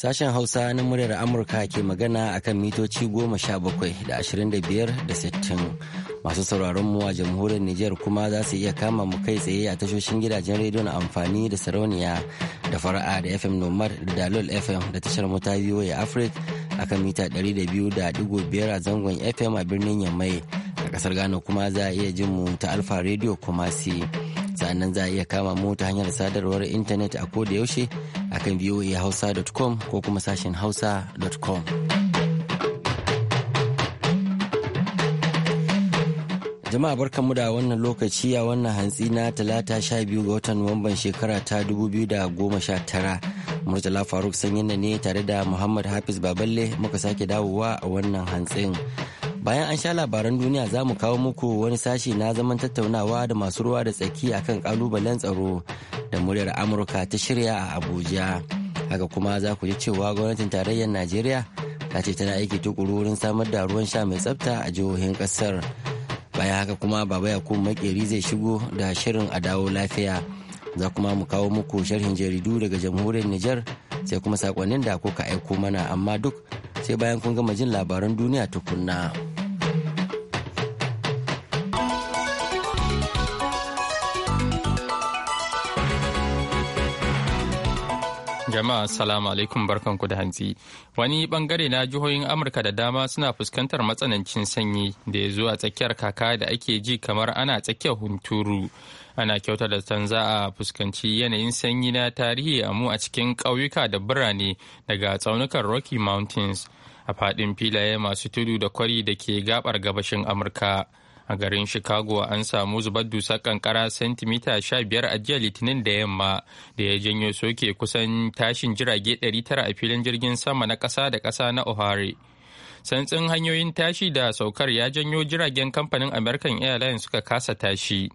Sashen Hausa na muryar Amurka ke magana a kan mitoci goma sha bakwai da ashirin da biyar da sittin. Masu sauraron mu a jamhuriyar Nijar kuma za su iya kama mu kai tsaye a tashoshin gidajen rediyon amfani da sarauniya da fara'a da FM Nomad da Dalol FM da tashar mota VOA a kan mita ɗari da da biyu biyar a zangon FM a birnin Yamai. A ƙasar Ghana kuma za a iya jin mu ta Alfa Radio Kumasi. Sannan za a iya kama mu ta hanyar sadarwar intanet a koda yaushe akan hausa.com ko kuma sashen hausa.com. jama'a barkanmu da wannan lokaci a wannan hantsi na talata sha biyu ga watan nuwamban shekara ta dubu biyu da goma sha tara murtala faruk sanyin ne tare da muhammad hafiz baballe muka sake dawowa a wannan hantsin Bayan an sha labaran duniya za mu kawo muku wani sashi na zaman tattaunawa da masu ruwa da tsaki a kan kalubalen tsaro da muryar Amurka ta shirya a Abuja. Haka kuma za ku ji cewa gwamnatin tarayyar Najeriya ta ce tana aiki tukuru wurin samar da ruwan sha mai tsafta a jihohin kasar. Bayan haka kuma Baba Yakubu Makeri zai shigo da shirin a dawo lafiya. Za kuma mu kawo muku sharhin jaridu daga jamhuriyar Nijar sai kuma sakonnin da kuka aiko mana amma duk sai bayan kun gama jin labaran duniya tukunna. Jama'a salamu alaikum barkanku da hantsi. Wani bangare na jihohin Amurka da dama suna fuskantar matsanancin sanyi da ya zo a tsakiyar kaka da ake ji kamar ana tsakiyar hunturu. Ana kyauta da san za a fuskanci yanayin sanyi na tarihi a mu a cikin ƙauyuka da birane daga tsaunukan Rocky Mountains a faɗin filaye masu tudu da kwari da ke gabar gabashin Amurka. a garin chicago an samu zubar dusar kankara sentimita 15 a jiya litinin da yamma da ya janyo soke kusan tashin jirage 900 a filin jirgin sama na kasa da kasa na ohare santsin hanyoyin tashi da saukar ya janyo jiragen kamfanin american airlines suka kasa tashi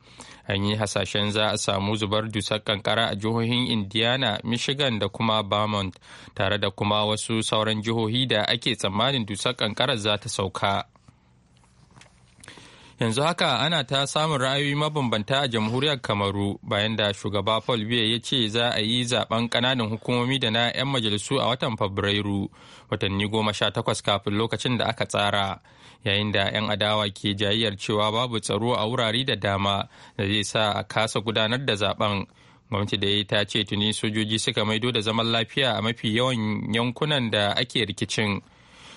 an yi hasashen za a samu zubar dusar kankara a jihohin indiana michigan da kuma vermont tare da kuma wasu sauran jihohi da ake tsammanin dusar kankara za ta sauka yanzu haka ana ta samun ra'ayoyi mabambanta a jamhuriyar kamaru bayan da shugaba paul biya ya ce za a yi zaben kananan hukumomi da na 'yan majalisu a watan fabrairu watanni goma sha takwas kafin lokacin da aka tsara yayin da 'yan adawa ke jayayyar cewa babu tsaro a wurare da dama da zai sa a kasa gudanar da zaben gwamnati da ya ta ce tuni sojoji suka maido da zaman lafiya a mafi yawan yankunan da ake rikicin.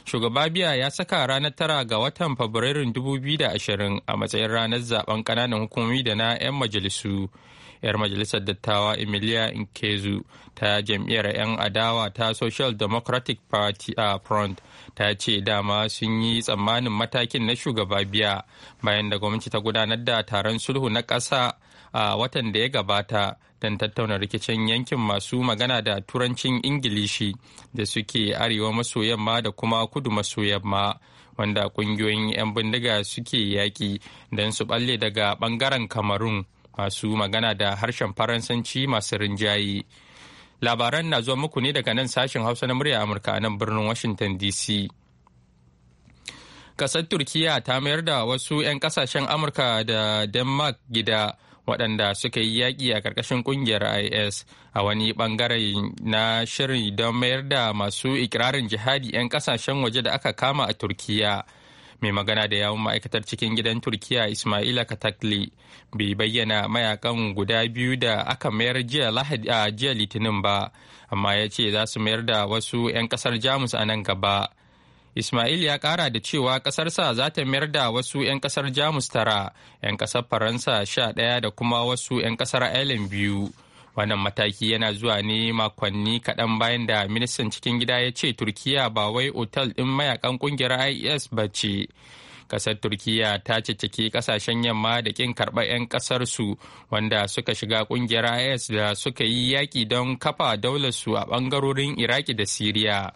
shugaba biya ya saka ranar tara ga watan fabrairun 2020 a matsayin ranar zaben kananan hukumomi da na 'yan majalisu yar majalisar dattawa emilia inkezu ta jam'iyyar 'yan adawa ta social democratic party a front ta ce dama sun yi tsammanin matakin na shugaba biya bayan da gwamnati ta gudanar da taron sulhu na ƙasa a watan da ya gabata don tattauna rikicin yankin masu magana da turancin ingilishi da suke arewa maso yamma da kuma kudu maso yamma wanda kungiyoyin 'yan bindiga suke yaƙi don su balle daga ɓangaren kamarun masu magana da harshen faransanci masu rinjaye labaran na zuwa muku ne daga nan sashen hausa na murya amurka a nan birnin washington dc kasar turkiya ta mayar da wasu 'yan kasashen amurka da denmark gida waɗanda suka yi yaƙi a ƙarƙashin ƙungiyar is a wani ɓangare na shirin don mayar da masu ikirarin jihadi 'yan ƙasashen waje da aka kama a turkiya mai magana da yawun ma'aikatar cikin gidan turkiya ismaila katakli bai bayyana mayakan guda biyu da aka mayar jiya lahadi a jiya litinin ba amma ya ce za su mayar da wasu 'yan ƙasar jamus a nan gaba Ismail ya kara da cewa kasarsa za ta mayar da wasu 'yan kasar Jamus tara, 'yan kasar Faransa sha ɗaya da kuma wasu 'yan kasar Ireland biyu. Wannan mataki yana zuwa ne makonni kaɗan bayan da ministan cikin gida ya ce Turkiya ba wai otal ɗin mayakan ƙungiyar IS ba ce. Kasar Turkiya ta ciciki kasashen yamma da ƙin karɓar 'yan ƙasarsu wanda suka shiga ƙungiyar IS da suka yi yaƙi don kafa daular su a ɓangarorin Iraki da Siriya.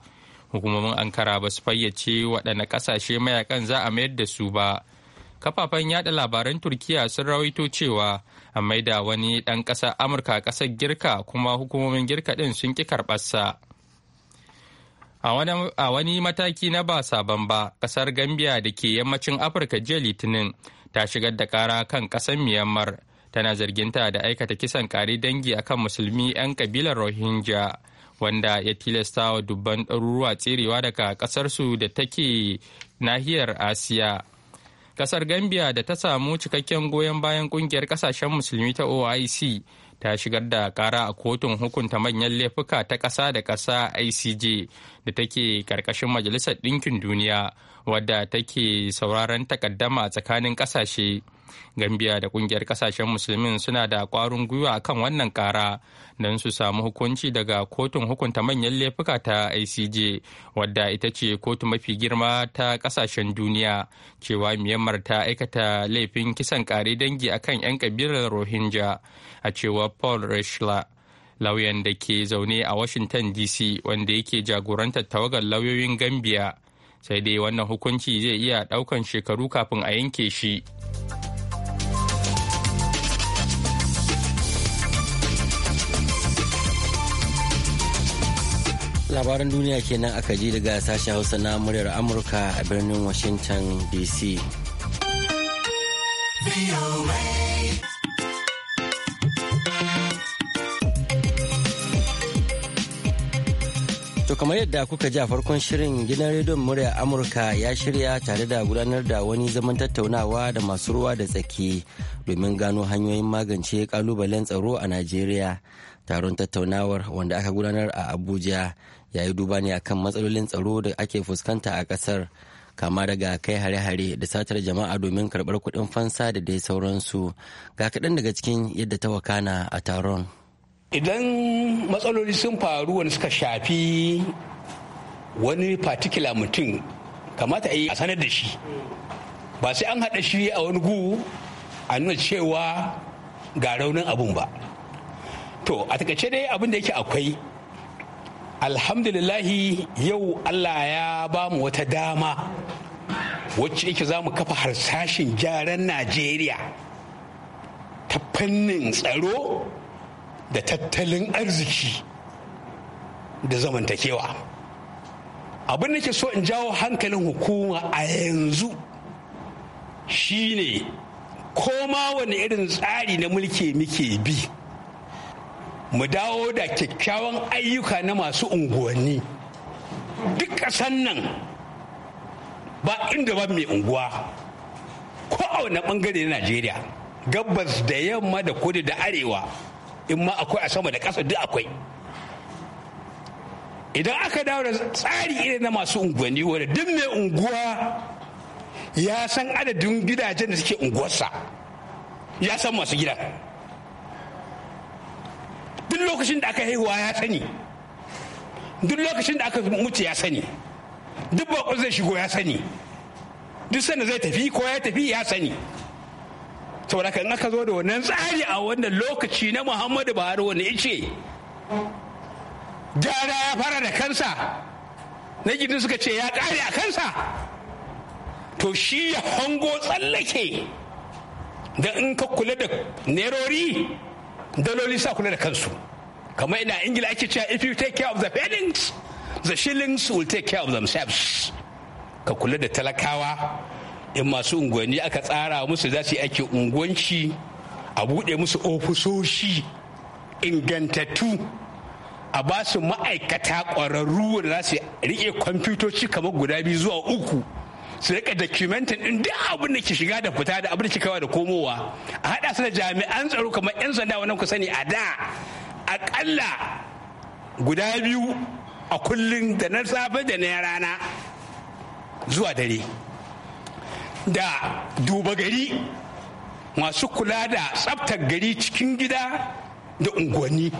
hukumomin ankara ba su fayyace waɗanne ƙasashe mayakan za a mayar da su ba kafafen yaɗa labaran turkiya sun rawaito cewa a maida wani ɗan ƙasar amurka ƙasar girka kuma hukumomin girka ɗin sun ƙi karɓarsa a wani mataki na ba sabon ba ƙasar gambia da ke yammacin afirka jiya litinin ta shigar da ƙara kan ƙasar myanmar tana zarginta da aikata kisan ƙare dangi akan musulmi 'yan ƙabilar rohingya wanda ya tilasta wa dubban ɗaruruwa tserewa daga ƙasarsu da take nahiyar asiya ƙasar gambia da ta samu cikakken goyon bayan ƙungiyar ƙasashen musulmi ta oic ta shigar da ƙara a kotun hukunta manyan laifuka ta ƙasa da ƙasa icj da take ƙarƙashin majalisar ɗinkin duniya wadda take sauraron takaddama tsakanin ƙasashe gambia da ƙungiyar ƙasashen musulmin suna da ƙwarin gwiwa kan wannan ƙara. don su samu hukunci daga kotun hukunta manyan laifuka ta ICJ wadda ita ce kotu mafi girma ta kasashen duniya cewa Myanmar ta aikata laifin kisan kare dangi akan 'yan kabilar Rohingya a cewa Paul rechler lauyan da ke zaune a Washington DC wanda yake jagorantar tawagar lauyoyin Gambia sai dai wannan hukunci zai iya ɗaukan shekaru kafin a yanke shi. labaran duniya kenan aka ji daga sashen hausa na muryar amurka a birnin washington dc To kamar yadda kuka ji a farkon shirin gidan rediyon murya Amurka ya shirya tare da gudanar da wani zaman tattaunawa da masu ruwa da tsaki domin gano hanyoyin magance kalubalen tsaro a Najeriya. taron tattaunawar wanda aka gudanar a abuja ya yi duba ne akan matsalolin tsaro da ake fuskanta a kasar kama daga kai hare-hare da satar jama'a domin karbar kuɗin fansa da dai sauransu ga kaɗan daga cikin yadda ta wakana a taron idan matsaloli sun faru wani suka shafi wani fatikila mutum kamata a yi a sanar da shi ba sai an haɗa shi a wani gu a nuna cewa ga raunin abun ba to a takaice dai abin da yake akwai alhamdulillahi yau allah ya ba mu wata dama wacce yake za mu kafa harsashin gyaran najeriya ta fannin tsaro da tattalin arziki da zamantakewa abin da ke so in jawo hankalin hukuma a yanzu shine koma wani irin tsari na mulki muke bi mu dawo da kyakkyawan ayyuka na masu unguwanni duk ƙasan nan ba inda ba mai unguwa ko a wani bangare na najeriya gabas da yamma da kudu da arewa in ma akwai a sama da ƙasa duk akwai idan aka dawo da tsari irin na masu unguwanni wanda duk mai unguwa ya san adadin gidajen da suke unguwarsa ya san masu gidan duk lokacin da aka haihuwa ya sani duk lokacin da aka mutu ya sani duk bakon zai shigo ya sani duk sanda zai tafi ko ya tafi ya sani saboda kan aka zo da wannan tsari a wannan lokaci na muhammadu buhari wanda ya ce gyara ya fara da kansa na gida suka ce ya kare a kansa to shi ya hango tsallake da in ka kula da nerori daloli sa kula da kansu kamar ina ingila ake cewa if you take care of the pennies the shillings will take care of themselves ka kula da talakawa in masu unguwanni aka tsara musu za su yi ake unguwanci a buɗe musu ofisoshi ingantattu a ba su ma'aikata ƙwararru da za su riƙe kwamfutoci kamar guda biyu zuwa uku su rika documentin din duk abin da ke shiga da fita da abin da ke kawa da komowa a haɗa su da jami'an tsaro kamar 'yan sanda wannan ku sani a da akalla guda biyu a kullun da na safe da na rana zuwa dare da duba gari masu kula da tsaftar gari cikin gida da unguwanni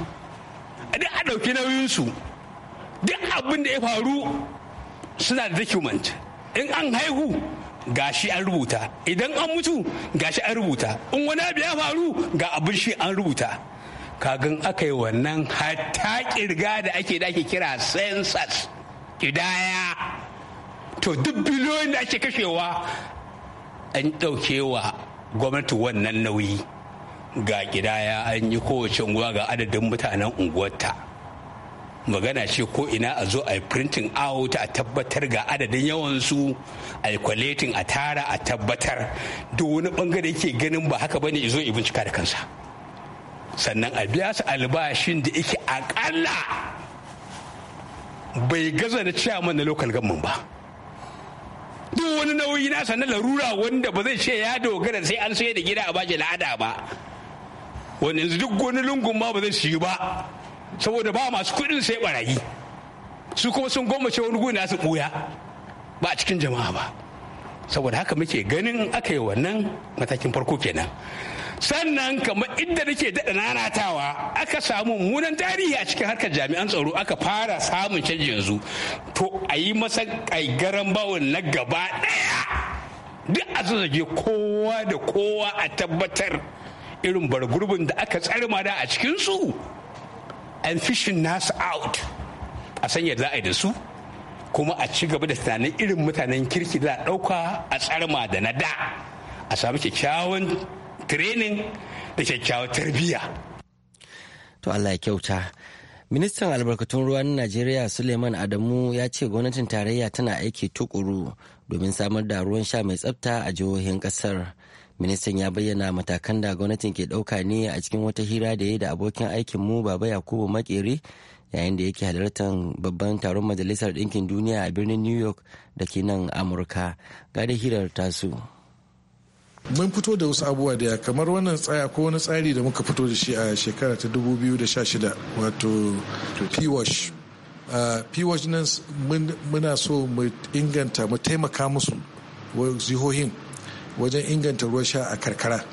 duk a ɗauki nauyinsu duk abin da ya faru suna da document in an haihu gashi an rubuta idan an mutu gashi an rubuta in wani abu ya faru ga abin shi an rubuta kagan aka yi wannan hatta kirga da ake da ake kira census kidaya to duk biliyoyin da ake kashewa an ɗauke wa gwamnati wannan nauyi ga kidaya an yi kowace unguwa ga adadin mutanen unguwarta magana ce ko ina a zo a yi printing out a tabbatar ga adadin yawansu a yi kwaletin a tara a tabbatar duk wani bangare ke ganin ba haka bane izo ya bincika da kansa sannan a biya su albashin da yake akalla bai gaza da ciyaman na local government ba duk wani nauyi na sannan larura wanda ba zai ce ya dogara sai an sayar da gida a baje la'ada ba wani yanzu duk wani lungun ma ba zai shi ba saboda ba masu kuɗin sai barayi su kuma sun gwammace wani guri na su ɓuya ba a cikin jama'a ba saboda haka muke ganin aka yi wannan matakin farko kenan sannan kamar inda nake daɗa nanatawa aka samu munan tarihi a cikin harkar jami'an tsaro aka fara samun canji yanzu to a yi masa ƙaigaran bawon na gaba ɗaya duk a zazzage kowa da kowa a tabbatar irin bargurbin da aka tsarma da a cikinsu and fishing nasu out a sanya za a yi da su kuma a ci gaba da tunanin irin mutanen kirki da ɗauka a tsarma da na da a samu kyakkyawan training da kyakkyawan tarbiyya. To Allah ya kyauta. Ministan albarkatun ruwa na Najeriya Suleiman Adamu ya ce gwamnatin tarayya tana aiki tukuru domin samar da ruwan sha mai tsafta a jihohin kasar. ministan ya bayyana matakan da gwamnatin ke ɗauka ne a cikin wata hira da ya da abokin aikinmu baba yakubu makere yayin da yake halartar babban taron majalisar ɗinkin duniya a birnin new york da ke nan amurka ga da hirar tasu mun fito da wasu abubuwa da kamar wannan tsaya ko wani tsari da muka fito da shi a shekara ta 2016 wato p-wash p-wash nan muna so mu inganta mu taimaka musu jihohin wajen inganta ruwan sha a karkara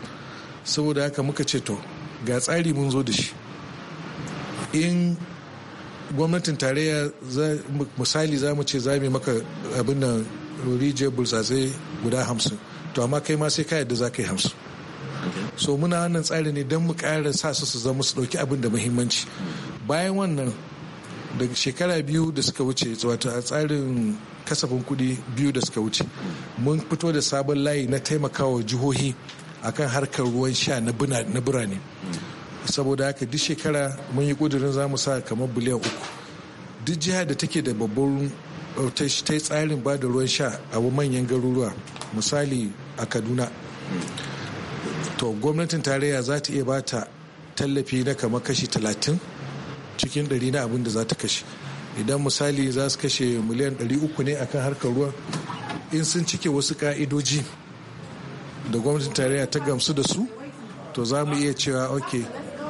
saboda haka muka ce to ga tsari mun zo da shi in gwamnatin tarayya misali za mu ce za mu maka abin nan rijiyar bulsatse guda hamsin to amma kai ma sai ka yadda za ka yi hamsin so muna wannan tsari ne don mu ƙara sa su su zama su ɗauki abin da muhimmanci bayan wannan daga shekara biyu da suka wuce wato a tsarin kasafin kudi biyu da suka wuce mun fito da sabon layi na taimakawa jihohi akan harkar ruwan sha na birane saboda haka duk shekara mun yi kudurin za mu sa kamar biliyan uku duk jihar da take da babban uh, ta yi tsarin ba da ruwan sha a manyan garuruwa misali a kaduna to gwamnatin tarayya za ta iya ba ta tallafi na kamar kashi talatin cikin ɗari na abin da za ta kashe idan misali za su kashe miliyan ɗari uku ne akan harkar ruwa in sun cike wasu ka'idoji da gwamnatin tarayya ta gamsu da su to za mu iya cewa ok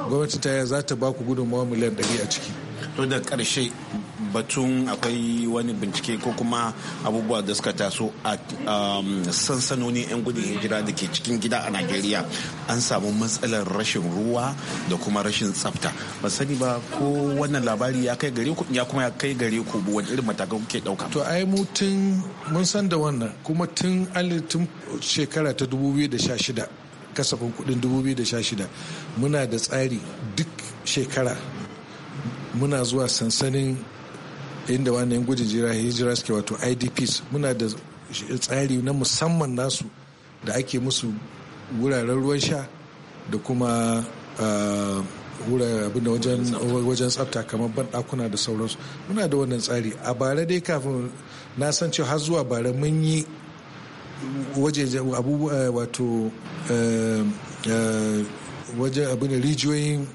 gwamnatin tarayya za ta ba ku gudunmawa miliyan ɗari a ciki to da ƙarshe batun akwai wani bincike ko kuma abubuwa da suka taso a um, sansanoni 'yan gudun hijira da ke cikin gida a najeriya an samu matsalar rashin ruwa da kuma rashin tsafta ba sani ba ko wannan labari ya kai gare ku ya kuma ya kai gare ku wani irin matakan kuke dauka to ai mu tun mun san da wannan kuma tun tun shekara ta 2016 kasafin kudin 2016 muna da tsari duk shekara muna zuwa sansanin inda wannan gudun hijira suke wato idps muna da tsari na musamman nasu da ake musu wuraren ruwan sha da kuma ah, abinda wajen tsafta kamar banɗakuna da sauransu muna da wannan tsari a bara dai kafin na san cewa har zuwa bara mun yi wajen abubuwa eh, wato eh, eh, wajen abin rijiyoyin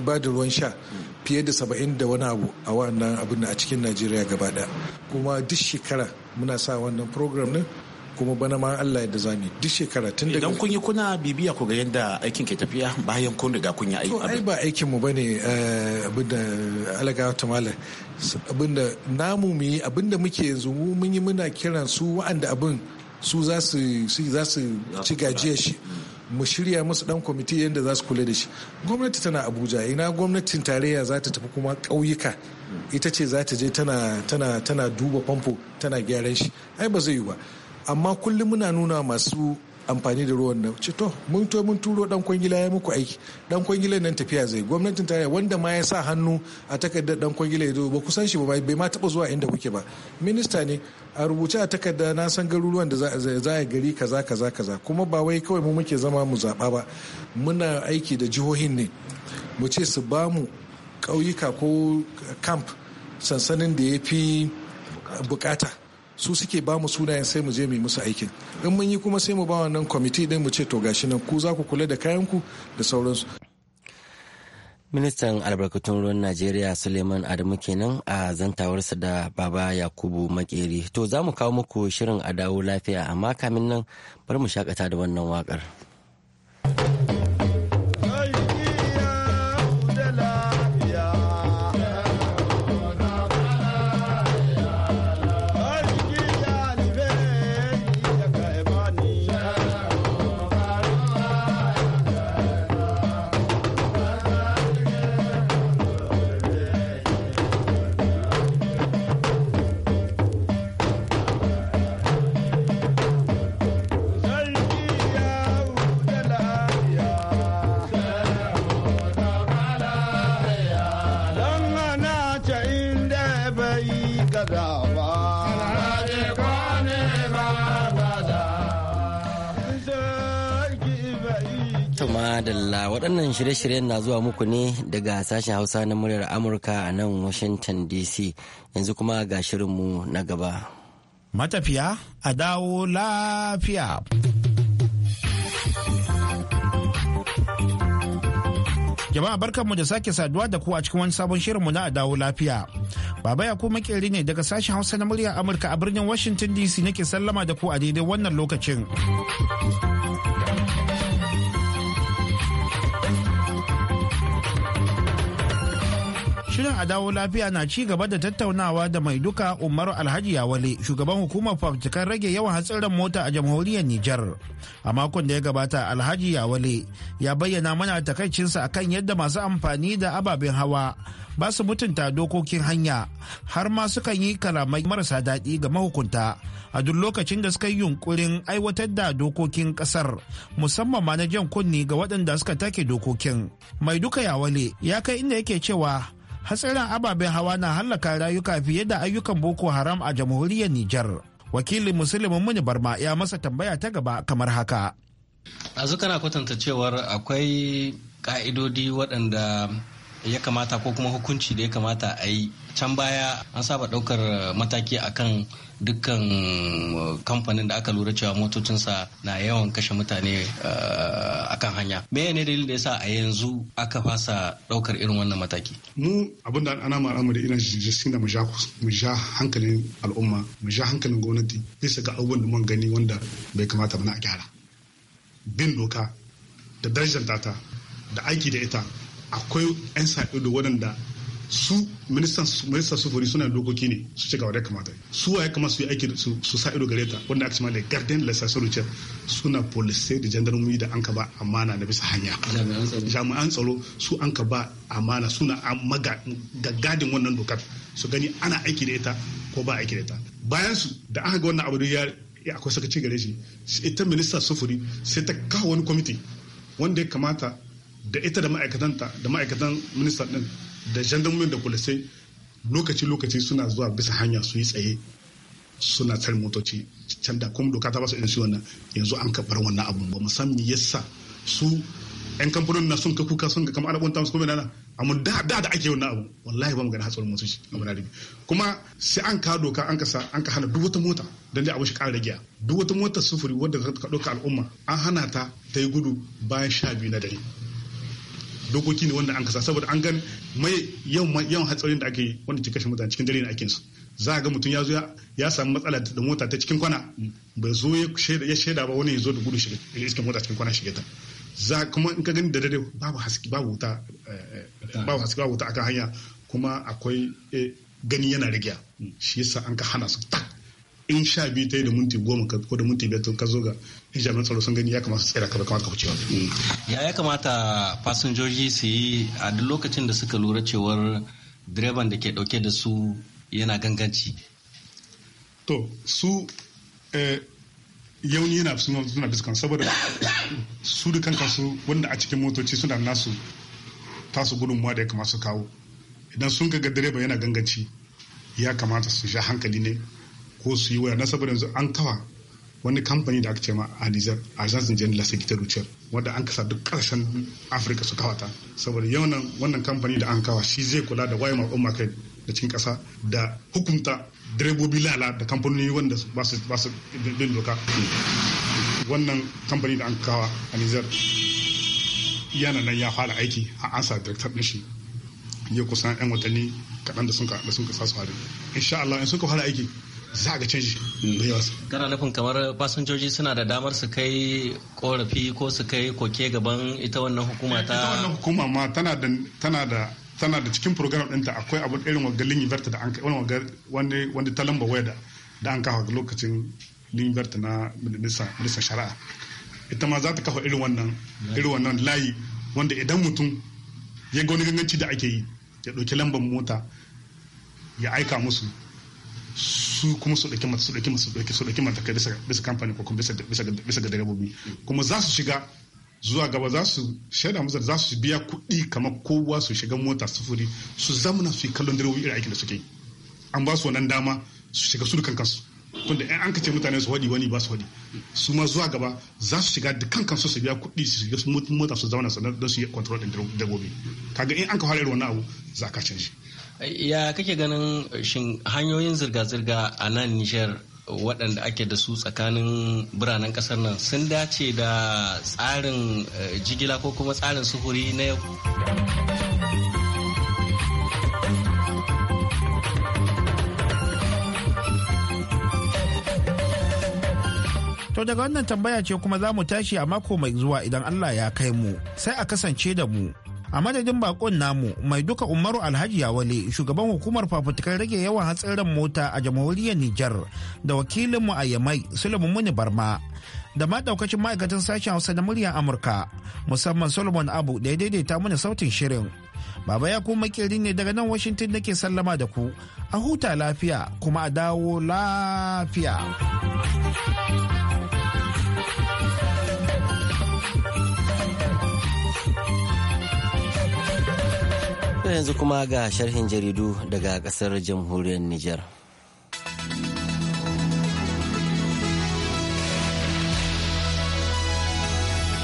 ba da ruwan sha fiye da saba'in da wani abu a wannan abin a cikin najeriya gaba daya kuma duk shekara muna sa wannan program din kuma bana ma Allah yadda zamu duk shekara tun daga idan kun yi kuna bibiya ku ga yadda aikin ke tafiya bayan kun riga kun yi aiki ai ba aikin mu bane eh, abinda alaga ta mala da namu mu yi abinda muke yanzu mun yi muna kiran su wa'anda abin su za su ci gajiyar shi mu shirya musu dan kwamiti yadda za su kula da shi gwamnati tana abuja ina gwamnatin tarayya za ta tafi kuma kauyuka ita ce za ta je tana duba famfo tana gyaran shi ai ba zai yi ba amma kullum muna nuna masu amfani da ruwan nan ce to mun to mun turo dan kwangila ya muku aiki dan kwangila nan tafiya zai gwamnatin tarayya wanda ma ya sa hannu a takardar dan kwangila ya zo ba kusan shi ba bai ma taba zuwa inda kuke ba minista ne a rubuce a takarda na san garuruwan da za a gari kaza kaza kaza kuma ba wai kawai mu muke zama mu zaɓa ba muna aiki da jihohin ne mu ce su ba mu ƙauyuka ko camp sansanin da ya fi bukata su suke ba mu sunayen sai mu je mu musu aikin in mun yi kuma sai mu ba wannan kwamiti din mu ce to gashi nan ku za ku kula da kayan ku da sauransu Ministan albarkatun ruwan Najeriya Suleiman Adamu kenan a zantawarsa da Baba Yakubu Makeri. To za mu kawo muku shirin a dawo lafiya amma kamin nan bar mu shakata da wannan waƙar. To Dalla waɗannan shirye-shiryen na zuwa muku ne daga sashen Hausa na muryar Amurka a nan Washington DC yanzu kuma ga shirinmu na gaba. Matafiya a dawo lafiya. Jama'a barkanmu da sake saduwa da ku a cikin wani sabon shirinmu na a dawo lafiya. Baba ya kuma makeri ne daga sashen Hausa na muryar Amurka a birnin Washington DC nake sallama da ku a daidai wannan lokacin. Shirin a dawo lafiya na ci gaba da tattaunawa da mai duka Umar Alhaji Yawale, shugaban hukumar fafutukar rage yawan hatsarin mota a jamhuriyar Nijar. A makon da ya gabata Alhaji Yawale ya bayyana mana takaicinsa akan yadda masu amfani da ababen hawa ba su mutunta dokokin hanya har ma sukan yi kalamai marasa daɗi ga mahukunta a duk lokacin da suka yi yunkurin aiwatar da dokokin ƙasar musamman ma na jan kunni ga waɗanda suka take dokokin. Mai duka Yawale ya kai inda yake cewa hatsarin ababen hawa na hallaka rayuka fiye da ayyukan boko haram a jamhuriyar nijar wakilin musulmin muni barma ya masa tambaya ta gaba kamar haka ɗazu kana kwatanta cewar akwai ƙa'idodi waɗanda ya kamata ko kuma hukunci da ya kamata a yi can baya an saba ɗaukar mataki akan dukkan uh, kamfanin da aka lura cewa motocinsa na yawan kashe mutane uh, akan hanya me ne dalilin da sa a yanzu aka fasa ɗaukar irin wannan mataki mu abinda da ana ma'amari ina jirgin da mu ja hankalin al'umma mu ja hankalin gwamnati bisa ga abubuwan da mun gani wanda bai kamata ba na gyara bin doka da darajar ta da aiki da ita akwai 'yan sa ido waɗanda su ministan ministan sufuri suna dokoki ne su ce ga kamata su waye kama su yi aiki su sa ido gare ta wanda aka ce malai garden lasasar ce suna police da gendarmerie da an ka ba amana na bisa hanya jami'an tsaro su an ka ba amana suna gadin wannan dokar su gani ana aiki da ita ko ba aiki da ita bayan su da aka ga wannan abu ya akwai sakaci gare shi ita minista sufuri sai ta kawo wani kwamiti wanda ya kamata da ita da ma'aikatanta da ma'aikatan minista din da gendarmerie da polisai lokaci-lokaci suna zuwa bisa hanya su yi tsaye suna tsar motoci can da kuma doka ta ba su irin wannan yanzu an kabar wannan abu ba musamman yasa su yan kamfanin na sun ka kuka sun ga kamar arabun tamus kuma nana amma da da da ake wannan abu wallahi ba mu gani hatsarin motoci a munaribi kuma sai an ka doka an ka sa an ka hana duk wata mota dan dai abu shi ƙara ragiya duk wata mota sufuri wadda ta ka al'umma an hana ta ta yi gudu bayan sha biyu na dare dokoki ne wanda an kasa saboda an gan mai yawan hatsarin da ake wanda ke kashe mutane cikin dare ake aikinsu za a ga mutum ya zo ya samu matsala da mota ta cikin kwana ba zo ya shaida ba wani ya zo da gudu shiga iskin mota cikin kwana shiga ta za kuma in ka gani da dare babu haske babu wuta eh, eh, babu haske babu wuta akan hanya kuma akwai eh, gani yana rigiya shi yasa an ka hana su tak in sha biyu ta yi da minti goma ko da minti biyar ka zo ga jami'an tsaro sun gani ya kamata su tsira ka kamata ka wuce mm. ya ya kamata fasinjoji su yi a duk lokacin da suka lura cewar direban da ke dauke da su yana ganganci to su eh, yauni yana suna fuskan saboda su da kanka su wanda a cikin motoci suna nasu tasu gudunmuwa da ya kamata su kawo idan sun ga direba yana ganganci ya kamata su sha hankali ne ko su yi waya na saboda yanzu an kawa wani kamfani da aka ce ma a Nijar Agence Nigerian Lasa Gita Routière wanda an kasa duk ƙarshen Afirka su kawata saboda nan wannan kamfani da an kawa shi zai kula da waye al'umma kai da cikin ƙasa da hukunta direbobi lala da kamfanoni wanda ba su ba su bin doka wannan kamfani da an kawa a Nijar yana nan ya fara aiki a ansa direktar din shi ya kusan 'yan watanni kaɗan da sun ka sa su hari insha Allah in suka fara aiki za ga canji mai yawa kana nufin kamar fasinjoji suna da damar su kai korafi ko su kai koke gaban ita wannan hukuma ta ita wannan hukuma ma tana da tana da tana da cikin program ɗinta akwai abu irin wagar linyiverta da an kai wani wani ta lamba waya da an kawo lokacin linyiverta na minista shari'a ita ma za ta kafa irin wannan irin wannan layi wanda idan mutum ya ga wani ganganci da ake yi ya ɗauki lambar mota ya aika musu su kuma su ɗauki mata su ɗauki su ɗauki su ɗauki kai bisa kamfani ko kuma bisa ga direbobi kuma za su shiga zuwa gaba za su shaida musu za su biya kuɗi kamar kowa su shiga mota sufuri su zamana su yi kallon direbobi irin aikin da suke an ba su wannan dama su shiga su dukan kansu tunda an kace mutane su wadi wani ba su wadi su ma zuwa gaba za su shiga kan kansu su biya kuɗi su shiga mota su zauna su don su yi control din direbobi kaga in an ka fara irin wannan abu za ka canji ya kake ganin shin hanyoyin zirga-zirga a nan nijar waɗanda ake da su tsakanin biranen ƙasar nan sun dace da tsarin eh, jigila ko kuma tsarin sufuri na yau To daga wannan tambaya ce kuma za mu tashi a mako mai zuwa idan Allah ya kai mu sai a kasance da mu a madadin bakon namu mai duka umaru alhaji yawale shugaban hukumar fafutukar rage yawan hatsarin mota a jamhuriyar nijar da wakilinmu a yamai sulaiman muni barma da ma daukacin ma'aikatan sashen hausa na muryar amurka musamman solomon abu da ya daidaita mana sautin shirin baba ya kuma kirin ne daga nan washington nake sallama da ku a huta lafiya kuma a dawo lafiya yanzu kuma ga sharhin jaridu daga kasar jamhuriyar Nijar.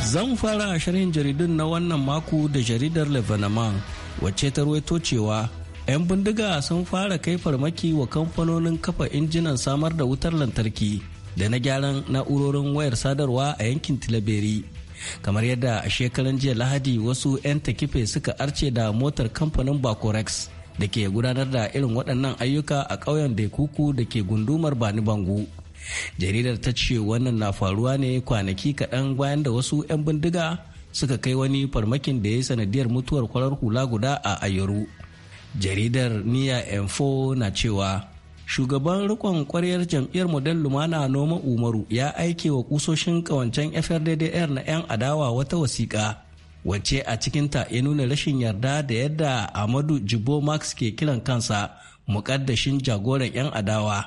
Zan fara a sharhin jaridun na wannan mako da jaridar Levanaman wacce ta ruwaito cewa 'yan bindiga sun fara kai farmaki wa kamfanonin kafa injinan samar da wutar lantarki da na gyaran na'urorin wayar sadarwa a yankin Tilaberi. kamar yadda a shekaran jiya lahadi wasu 'yan takife suka arce da motar kamfanin bakorex da ke gudanar da irin waɗannan ayyuka a ƙauyen daikuku da ke gundumar bani bangu jaridar ta ce wannan na faruwa ne kwanaki kaɗan bayan da wasu 'yan bindiga suka kai wani farmakin da ya yi sanadiyar mutuwar kwarar hula guda a ayyaru jaridar niya 4 na cewa shugaban rikon kwaryar jam'iyyar model lumana noma umaru ya aike wa kusoshin kawancen frddr na 'yan adawa wata wasiƙa wacce a cikinta ya nuna rashin yarda da yadda amadu jibo max ke kiran kansa muƙaddashin jagoran 'yan adawa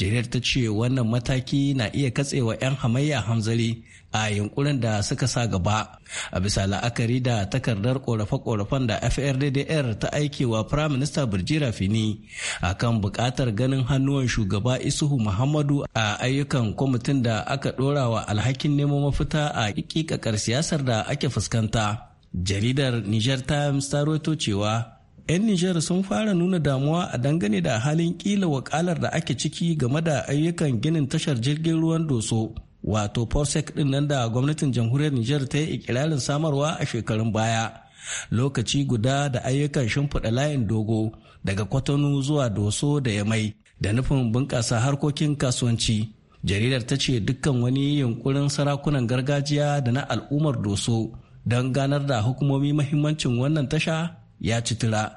jariyar ta ce wannan mataki na iya katsewa 'yan hamayya hamzali a yunkurin da suka sa gaba a bisa la'akari da takardar korafe-korafen da FRDDR ta aikewa Prime Minister Birjira Fini a kan bukatar ganin hannuwan shugaba Isuhu Muhammadu a ayyukan kwamitin da aka ɗora wa alhakin nemo mafita a ƙiƙakar siyasar da ake fuskanta. Jaridar Niger Times ta roto cewa 'yan Nijar sun fara nuna damuwa a dangane da halin kila wakalar da ake ciki game da ayyukan ginin tashar jirgin ruwan doso wato forsec din nan da gwamnatin jamhuriyar Nijar ta yi ikirarin samarwa a shekarun baya lokaci guda da ayyukan shimfiɗa layin dogo daga kwatano zuwa doso da yamai da nufin bunƙasa harkokin kasuwanci jaridar ta ce dukkan wani yunkurin sarakunan gargajiya da na al'ummar doso don ganar da hukumomi mahimmancin wannan tasha ya ci tura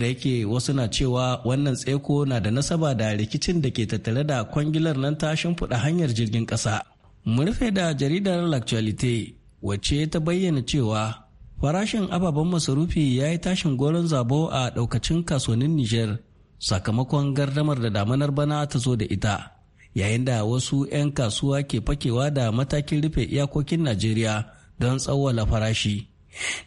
da yake wasu na cewa wannan tseko na da nasaba da rikicin da ke tattare da kwangilar nan ta shimfiɗa hanyar jirgin ƙasa mu rufe da jaridar l'actualité wacce ta bayyana cewa farashin ababen masarufi ya yi tashin goron zabo a daukacin kasuwannin niger sakamakon gardamar da damanar bana ta zo da ita yayin da wasu 'yan kasuwa ke fakewa da matakin rufe iyakokin najeriya don tsawwala farashi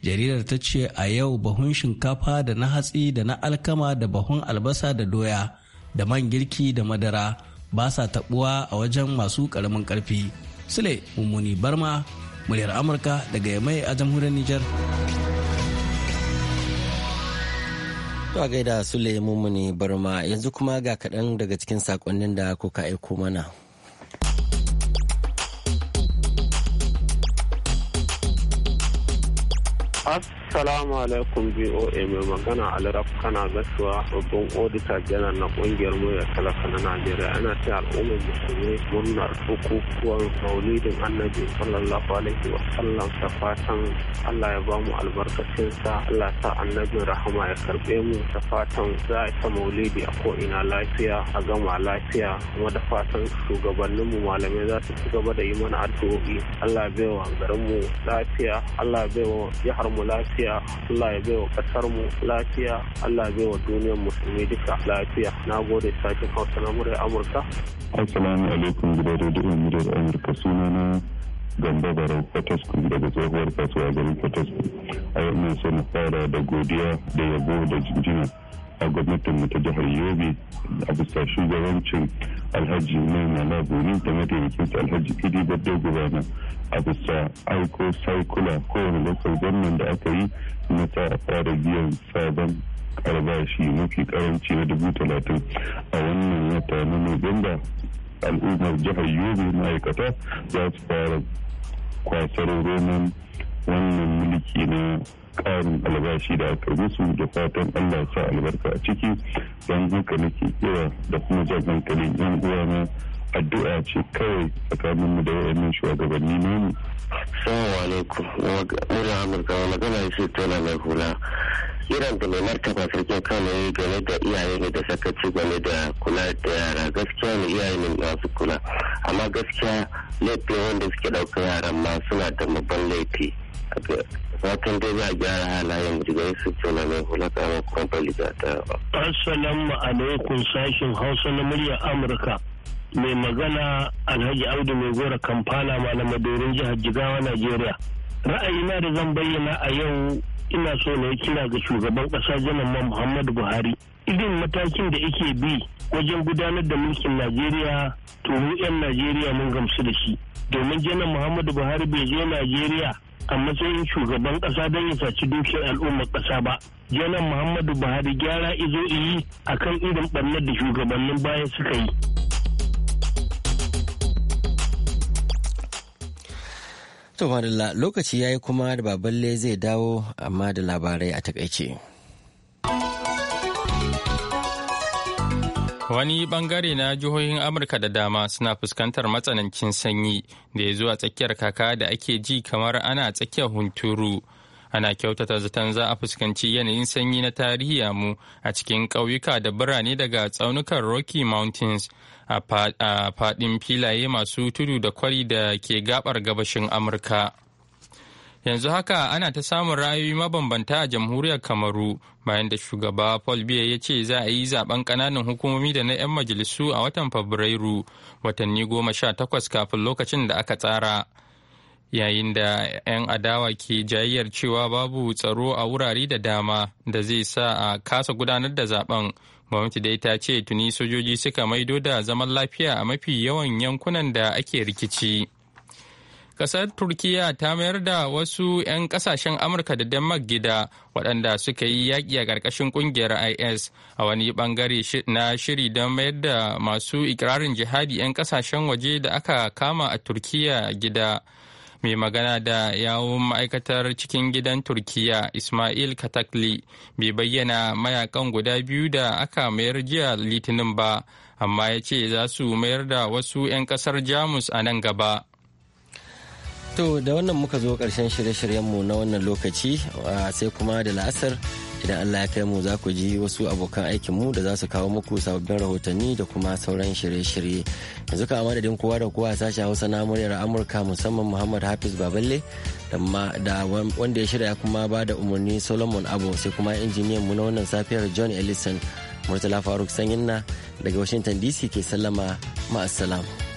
jaridar ta ce a yau bahun shinkafa da na hatsi da na alkama da bahun albasa da doya da man girki da madara ba sa tabuwa a wajen masu karamin karfi sule mummuni barma muryar amurka daga yamai a jamhuriyar niger To gaida Sule mummuni Barma yanzu kuma ga kaɗan daga cikin saƙonnin da kuka aiko mana. Assalamu alaikum BOA mai magana Alraf kana gasuwa babban odita janar na kungiyar murya talaka na Najeriya ana ce al'ummar musulmi murnar bukukuwan maulidin annabi sallallahu alaihi wa sallam ta fatan Allah ya bamu albarkacin sa Allah ta annabi rahama ya karɓe mu ta fatan za a ta maulidi a ko ina lafiya a gama lafiya kuma da fatan shugabannin mu malamai za su ci gaba da yi mana addu'o'i Allah bai wa garin mu lafiya Allah bai wa jihar mu lafiya lafiya Allah ya bai wa kasar mu lafiya Allah ya bai wa duniyar musulmi duka lafiya na gode sakin hausa na murya amurka assalamu alaikum gidan rediyon muryar amurka suna na gamba barau fatasku daga tsohuwar kasuwa garin fatasku a yau fara da godiya da yabo da jinjina a gwamnatin mu ta jihar yobe a bisa shugabancin alhaji mai na buni da mataimakin sa alhaji idi babbar gubana a bisa aiko saikula kowane lokal gwamnan da aka yi na sa fara biyan sabon karbashi mafi karanci na dubu talatin a wannan wata na nobamba al'ummar jihar yobe ma'aikata za su fara kwasar roman wannan mulki na karin albashi da aka musu da fatan allah sa albarka a ciki don haka nake kira da kuma jagon kalin yan uwana addu'a ce kawai tsakaninmu da wayannan shugabanni namu. Assalamu alaikum. Muryar Amurka wa magana ce tana mai hula. Iran da mai martaba sarkin Kano ya yi game da iyaye ne da sakaci game da kula da yara gaskiya ne iyaye ne masu kula. Amma gaskiya laifin wanda suke ɗaukar yaran ma suna da babban laifi. fatan dai za a gyara halayen rigar su tuna mai hulaka ma kuma baliga ta yawa. assalamu alaikum sashin hausa na muryar amurka mai magana alhaji audu mai gora kampala malamadorin jihar jigawa najeriya ra'ayina da zan bayyana a yau ina so na yi kira ga shugaban ƙasa janar ma muhammadu buhari irin matakin da ake bi wajen gudanar da mulkin najeriya to mu 'yan najeriya mun gamsu da shi domin janar muhammadu buhari bai zo najeriya a matsayin shugaban kasa don ya saci dukiyar al'ummar kasa ba. Janar Muhammadu Buhari gyara izo iyi kan irin ɓarnar da shugabannin baya suka yi. To lokaci ya yi kuma da baballe zai dawo amma da labarai a takaice. wani bangare na jihohin amurka da dama suna fuskantar matsanancin sanyi da ya zuwa tsakiyar kaka da ake ji kamar ana tsakiyar hunturu ana kyautata zaton za a fuskanci yanayin sanyi na tarihi mu a cikin ƙauyuka da birane daga tsaunukan rocky mountains a faɗin filaye masu tudu da kwari da ke gabar gabashin amurka yanzu haka ana ta samun ra'ayoyi mabambanta a jamhuriyar kamaru bayan da shugaba paul biya ya ce za a yi zaben kananan hukumomi da na 'yan majalisu a watan fabrairu watanni goma sha takwas kafin lokacin da aka tsara yayin da 'yan adawa ke jayayyar cewa babu tsaro a wurare da dama da zai sa a kasa gudanar da zaben gwamnati dai ta ce tuni sojoji suka maido da zaman lafiya a mafi yawan yankunan da ake rikici. Kasar Turkiya ta mayar da wasu 'yan kasashen Amurka da Denmark gida waɗanda suka yi yaƙi a ƙarƙashin ƙungiyar IS a wani ɓangare na shiri don mayar da masu ikirarin jihadi 'yan kasashen waje da aka kama a Turkiya gida. mai magana da yawun ma'aikatar cikin gidan turkiya ismail katakli bai bayyana mayakan guda biyu da aka mayar jiya litinin ba amma ya ce za su mayar da wasu 'yan kasar jamus a nan gaba To da wannan muka zo karshen shirye-shiryenmu na wannan lokaci sai kuma da la'asar idan Allah ya kai mu za ku ji wasu abokan aikinmu da za su kawo muku sababbin rahotanni da kuma sauran shirye-shirye. Yanzu ka madadin kowa da kowa sashi Hausa na muryar Amurka musamman Muhammad Hafiz Baballe da wanda ya shirya kuma ba da umarni Solomon Abo sai kuma injiniyan mu na wannan safiyar John Ellison Murtala Faruk Sanyinna daga Washington DC ke sallama ma'asalam.